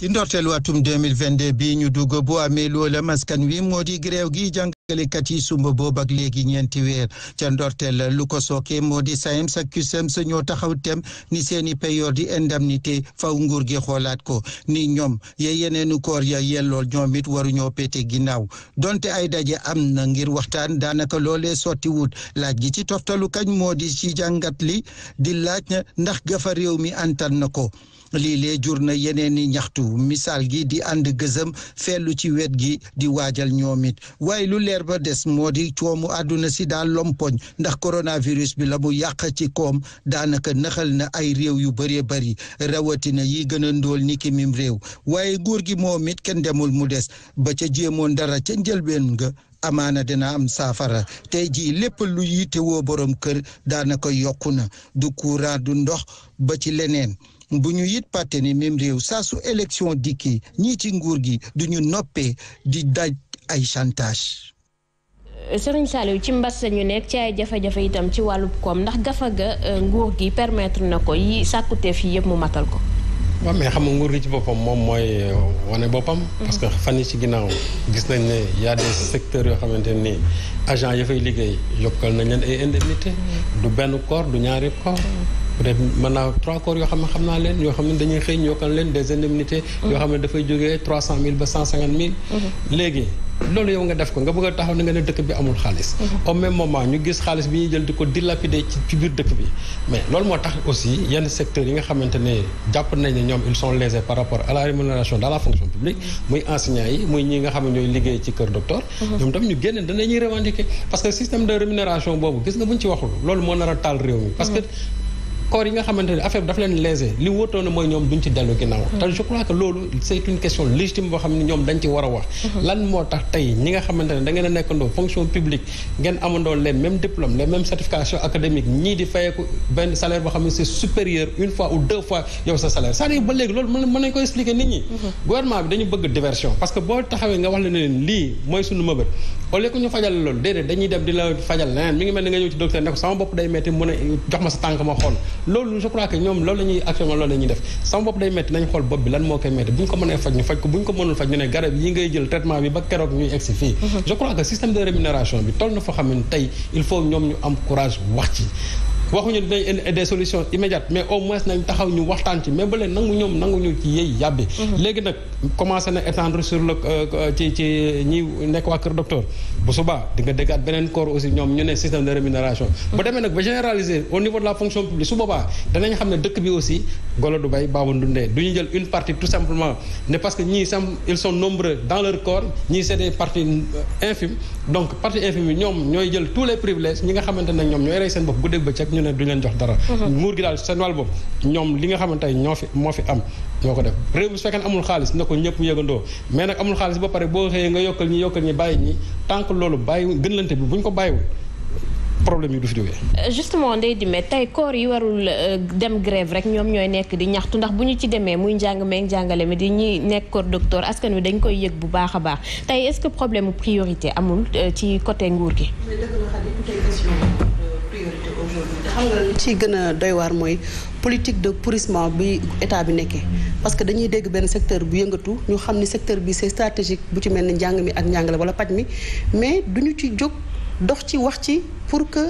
ci ndorteelu atum 2022 bii ñu dugg bo amee loola maskan wi moo di grève gi jàngalekat yi sumba boobu ak léegi ñeenti weer ca ndorteel lu ko sooke moo di SAEMS ak CUSEMS ñoo taxaw tem ni seeni période di indemnité faw nguur gi xoolaat ko ni ñoom ye yeneenu koor ya yellool ñoom it waruñoo pété ginnaaw donte ay daje am na ngir waxtaan daanaka loole sotti wut laaj gi ci toftalu kañ moo di ci jàngat li di laaj ndax gafa réew mi antan na ko lii lee jur na yeneen i ñaxtu misaal gi di ànd gëzëm feelu ci wet gi di waajal ñoom it waaye lu leer ba des moo di coomu àdduna si daal lompoñ ndax coronavirus bi la mu yàq ci koom daanaka naxal na ay réew yu bëree bëri rawatina yi gën a ndóol ni ki réew waaye góor gi moom it kenn demul mu des ba ca jéemoon dara ca njëlbeen nga amaana dina am saafara tey jii lépp lu yittewoo borom kër daanaka yokku na du courant du ndox ba ci leneen bu ñu it pate ne même réew saa su élection dikkee ñii ci nguur gi du ñu noppee di daj ay chantage. Sëriñ Saliou ci mbas sañu nekk ci ay jafe-jafe itam ci wàllub koom ndax gafa ga euh, nguur gi permettre na ko yi sàkkuteef yi yëpp mu matal ko. moom mais xam nga nguur gi ci boppam moom mooy euh, wane boppam. Mm-hmm. parce que fan ni ci ginnaaw gis nañ ne y a des yoo xamante ni agent ya fay liggéey yokkal nañ leen ay indemnité mm-hmm. du benn corps du ñaari corps. Mm-hmm. peut-être mën naa trois corps yoo xam ne xam naa leen yoo xam ne dañuy xëy ñoo kan leen des indemnités. yoo xam ne dafay jógee trois cent mille ba cent cinquante mille. Mhm. léegi loolu yow nga def ko nga bëgg a taxaw ne nga ne dëkk bi amul xaalis. Mhm. au même moment ñu gis xaalis bi ñuy jël di ko dilapider ci biir dëkk bi. mais loolu moo tax aussi yenn secteurs yi nga xamante ne jàpp nañ ne ñoom ils sont lésés par rapport à la rémunération dans la fonction publique. muy enseignants corps yi nga xamante ne affaire bi dafa leen léser li wóotoon na mooy ñoom duñ ci dellu ginnaaw mm-hmm. te je crois que loolu c'est une question légitime boo xam ne ñoom dañ ci war a wax mm-hmm. lan moo tax tey ñi nga xamante ne da ngeen a nekkandoo fonction publique ngeen amandoo les mêmes diplômes les mêmes certifications académiques ñii di fayeeku benn salaire boo xam ne c'est supérieur une fois ou deux fois yow sa salaire c'est-à-dire ba léegi loolu mën nañ ko expliquer nit ñi mm-hmm. au lieu que ñu fajal loolu déedéet dañuy dem di fajal leneen mi ngi mel ni nga ñëw ci docteur ne ko sama bopp day metti mu ne jox ma sa tànk ma xool loolu je crois que ñoom loolu la ñuy actuellement loolu la bi lan moo koy metti ñu ne garab yi ngay jël traitement bi ba keroog ñuy egsi fii mm-hmm. je crois système de rémunération bi toll na foo xam tey il faut ñoom ñu am courage wax ci waxuñu dinañ des solutions immédiates mais au moins nañ taxaw ñu waxtaan ci mais ba leen nangu ñoom nangu ñu ci yey yàbbi mhm. léegi nag commencé na étendre euh, ñoom ñu ne système de rémunération mhm. bu demee nag ba généraliser au niveau de la fonction publique su boobaa danañ xam ne dëkk bi aussi golo du bay baabu ndundee du ñu jël une partie tout simplement ne parce que ñii sam nombreux dans leur corps ñii c'est des parties euh, donc partie infime yi ñoom ñooy jël tous les privilèges ñi nga xamante ne ñoom ñooy duñu leen duñu leen jox dara mhm. nguur gi daal seen wàll ñoom li nga xamante ne ñoo fi moo fi am ñoo ko def réew mi su fekkee amul xaalis na ko ñëpp yëgandoo mais nag amul xaalis ba pare boo xëyee nga yokkal ñi yokkal ñi bàyyi ñi tànk loolu bàyyi gënlante bi bu ñu ko bàyyiwul problème yi du fi jógee. Euh, justement Ndeye Dimet tey koor yi warul euh, dem grève rek ñoom ñooy nekk di ñaxtu ndax bu ñu ci demee muy njàng meeg njàngale mi di ñuy nekk koor docteur askan wi dañ koy yëg bu baax a baax tey est-ce que problème priorité amul euh, ci côté nguur gi. xam nga li ciy gën a doy waar mooy politique de pourrissement bi état bi nekkee parce que dañuy dégg benn secteur bu yëngatu ñu xam ni secteur bi c'est stratégique bu ci mel ni njàng mi ak njàngale wala paj mi mais du ñu ci jóg dox ci wax ci pour que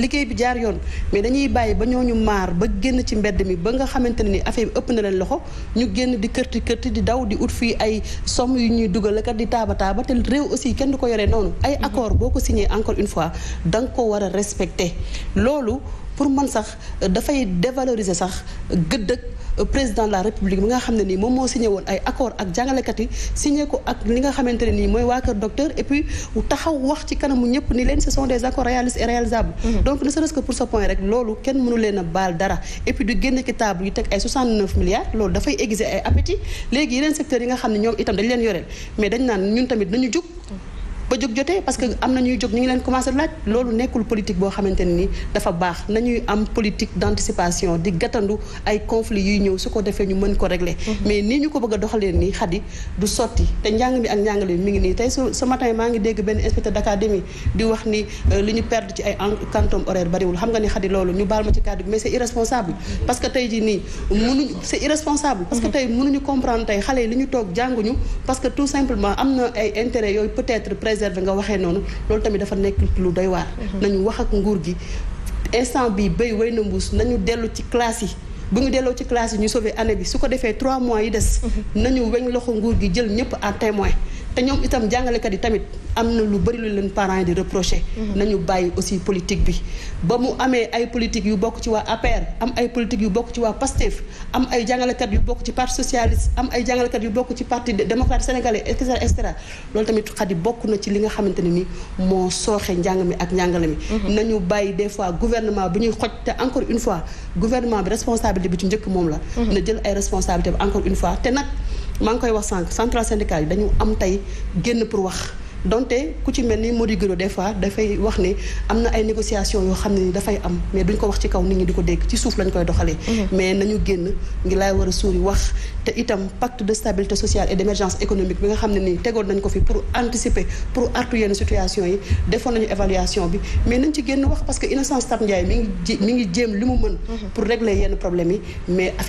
liggéey bi jaar yoon mais dañuy bàyyi ba ñoo ñu maar ba génn ci mbedd mi ba nga xamante ne ni affaire bi ëpp na leen loxo ñu génn di kërti kërti di daw di ut fii ay somme yu ñuy dugal kat di taaba taaba te réew aussi kenn du ko yoree noonu. ay accord boo ko signé encore une fois da nga ko war a respecté loolu. pour man sax euh, dafay dévaloriser sax euh, gëdd ak euh, président de la république bi nga xam ne nii moom moo signé woon ay accord ak jàngalekat yi ko ak li nga xamante ne nii mooy waa kër docteur et puis taxaw wax ci kanamu ñëpp ni leen ce sont des mhm. donc ne serait-ce pour ce point rek loolu kenn mënu leen a baal dara et puis du génn ci table yi teg ay 69 milliards loolu dafay aiguiser ay appétit léegi yeneen secteurs yi nga xam ne ñoom itam dañ leen yoreel mais dañ naan ñun tamit nañu jug ba am na ñuy jóg ñu ngi leen commencé laaj loolu nekkul politique boo xamante ne dafa baax nañuy am politique d' di gàttandu ay conflits yuy ñëw su ko defee ñu mën ko régler. Mhm. mais nii ñu ko bëgg a nii xadi du sotti te njàng mi ak njàngale mi ngi nii tey su matin maa ngi dégg benn inspecteur d' di wax ni euh, li ñu perdre ci ay quantum horaire bariwul xam nga ni xadi loolu ñu baal ma ci kàddu mais c' est observé nga waxee noonu loolu tamit dafa nekk lu doy waar. Mhm. nañu wax ak nguur gi instant bi béy way na mbuus nañu dellu ci classe yi. bu ñu delloo ci classe yi ñu sauver année bi su ko defee trois mois yi des. Mhm. ñu weñ loxo nguur gi jël ñëpp en témoin te ñoom itam jàngalekat yi tamit am na lu bëri lu leen parents yi di reprocher mhm. nañu bàyyi aussi politique bi ba mu amee ay politique yu bokk ci waa APR am ay politique yu bokk ci waa PASTEF am ay jàngalekat yu bokk ci parti socialiste am ay jàngalekat yu bokk ci parti démocrate sénégalais et cetera et cetera loolu tamit xadi bokk na ci li nga xamante ne ni moo sooxe njàng mi ak njàngale mi mhm. nañu bàyyi des fois gouvernement bi ñuy xoj te encore une fois gouvernement bi responsabilité bi njëkk moom la mhm. na jël ay responsabilité bi une fois te nag maa ngi koy wax sànq central syndical yi dañu am tey génn pour wax donte ku ci mel ni Mody Guiro des fois dafay wax ni am na ay négociations yoo xam ne ni dafay am mais duñ ko wax ci kaw nit ñi di ko dégg ci suuf lañ koy doxalee. Mm-hmm. mais nañu génn ngi laay war a suuri wax te itam pacte de stabilité sociale et d' émergence économique bi nga xam ne nii tegoon nañ ko fi pour anticiper pour artu yenn situation yi defoon nañu évaluation bi mais nañ wax parce que Innocence Ntap Ndiaye mi ngi mi ngi jéem mhm.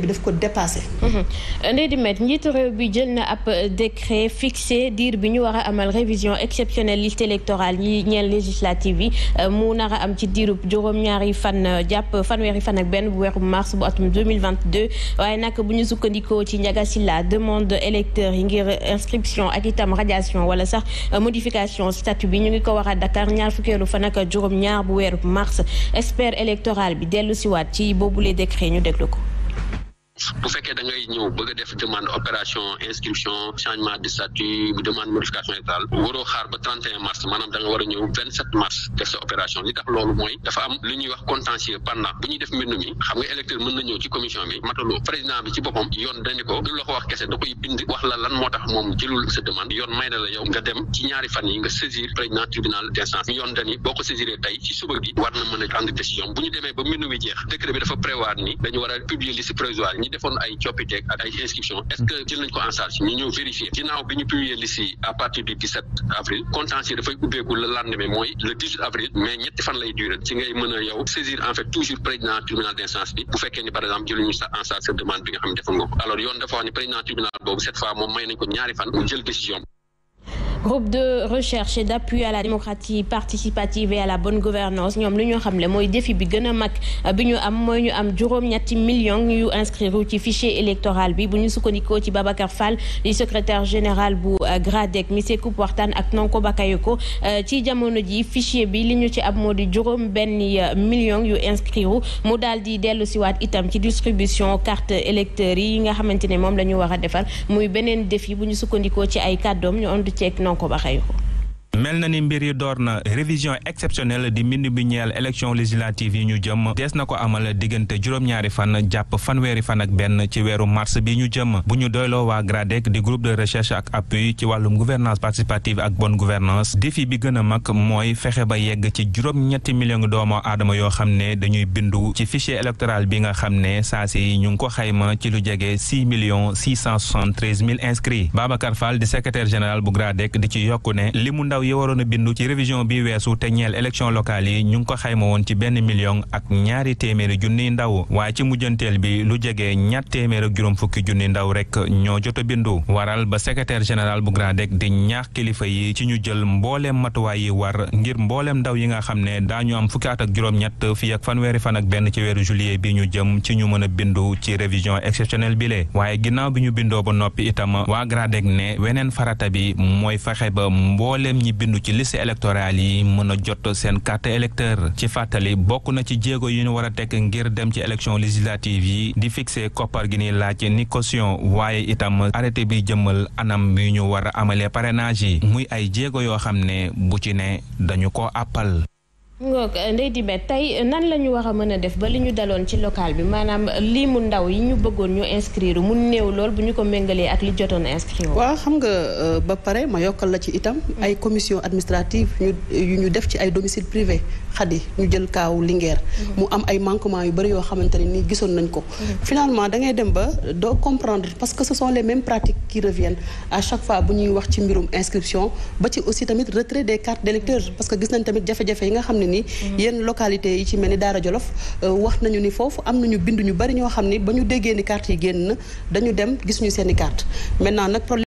bi daf ko dépassé. Mhm. Ndeye Dimet njiitu réew bi jël na ab décret fixé diir bi ñu war a amal révision exceptionnelle liste électorale yi ñeel législative yi euh, mu nar a am ci diirub juróom-ñaari fan jàpp fanweeri fan ak benn bu weeru mars bu atum 2022 waaye nag bu ñu sukkandikoo ci Ndiaga Sylla demande électeurs yi ngir inscription ak itam radiation wala sax euh, modification statut bi ñu ngi ko war a Dakar ñaar fukkeelu fa ak juróom ñaar bu weeru mars expert électoral bi dellu siwaat ci boobu boobule décret ñu déglu ko bu fekkee da ñëw bëgg a def demande opération inscription changement de statut demande modification électorale waroo xaar ba 31 mars maanaam da nga ñëw mars def sa opération li tax loolu mooy dafa am lu ñuy wax contentieux pendant bu ñuy def mbir mi xam nga électeur mën na ñëw ci commission bi mataloo président bi ci boppam yoon dañu ko du wax kese da koy bind wax la lan moo tax moom jëlul sa demande yoon may na la yow nga dem ci ñaari ñu ay coppiteeg ak ay inscription est ce que jël nañ ko en charge ñu ñëw vérifier ginnaaw bi ñu publier liste yi à partir du 17 avril contentieux dafay ubbeeku le lendemain mooy le 18 avril mais ñetti fan lay durer ci ngay mën a yow saisir en fait toujours président tribunal d'instance bi bu fekkee ni par exemple jëluñu sa en charge sa demande bi nga xam ne alors yoon dafa wax ni tribunal boobu cette fois moom may nañ fan mu jël décision groupe de recherche et d'appui à la démocratie participative et à la bonne gouvernance ñoom li ñoo xamle mooy défi bi gën a mag euh, bi ñu am mooy ñu am juróom-ñetti millions yu inscrire ci fichier électoral bi bu ñu sukkandikoo ci Babacar Fall di secrétaire général bu euh, GRADEC mi sekub waxtaan ak non Nanko ko euh, ci jamono ji fichier bi li ñu ci ab moo di juróom benn millions yu inscrire mu daal di dellu siwaat itam ci distribution carte électeurs yi nga xamante ne moom la war a defar muy beneen défi bu ñu sukkandikoo ci ay kàddoom ñu non ko ɓaxay ko mel na ni mbir yi door na révision exceptionnelle di mbind bi ñeel élection législative yi ñu jëm dees na ko amal diggante juróom-ñaari fan jàpp fanweeri fan ak benn ci weeru mars bi ñu jëm bu ñu doyloo waa GRADEC di groupe de recherche ak appui ci wàllum gouvernance participative ak bonne gouvernance défi bi gën a mag mooy fexe ba yegg ci juróom-ñetti million doomu aadama yoo xam ne dañuy bindu ci fichier électoral bi nga xam ne saa si ñu ngi ko xayma ci lu jege six millions six cent soixante mille inscrits Babacar Fall di secrétaire général bu GRADEC di ci yokku yi waroon a bindu ci révision bi weesu te ñeel élection locale yi ñu ngi ko xayma woon ci benn million ak ñaari téeméeri junniy ndaw waaye ci mujjanteel bi lu jege ñaar téeméer ak juróom fukki junni ndaw rek ñoo jot a bindu waral ba secrétaire général bu GRADEC di ñaax kilifa yi ci ñu jël mbooleem matuwaay yi war ngir mboolem ndaw yi nga xam ne daañu am fukkaat ak juróom-ñett fii ak fanweeri fan ak benn ci weeru juillet bi ñu jëm ci ñu mën a bindu ci révision exceptionnelle bi lee bindoo ba noppi itam waa GRADEC bi bindu ci liste électorale yi mën a jot seen carte électeur ci fàttali bokk na ci jéego yi ñu war a teg ngir dem ci élection législative yi di fixe koppar gi ni laaj ni caution waaye itam arrêté bi jëmmal anam yi ñu war a amalee parrainage yi muy ay jéego yoo xam ne bu ci ne dañu ko àppal ngoog Ndeye tey nan la ñu war a mën a def ba li ñu daloon ci local bi maanaam lii mu ndaw yi ñu bëggoon ñu inscrire mu néew lool bu ñu ko mengalee ak li jotoon inscrire. waaw xam nga euh, ba pare ma yokkal la ci itam. Mm. ay commission administrative ñu yu ñu def ci ay domicile privé xadi ñu jël kaawu Linguère. Mm. mu am ay manquement yu bëri yoo xamante ne nii gisoon nañ ko. Mm. finalement da ngay dem ba doo comprendre parce que ce sont les mêmes pratiques qui à chaque fois wax ci mbirum inscription ba ci aussi tamit retrait des cartes d'électeurs ni yenn localité yi ci mel ni Daara Jolof euh, wax nañu ni foofu am nañu bind ñu bari ñoo xam ne ba ñu déggee ni carte yi génn dañu dem gisuñu ñu seeni carte maintenant nag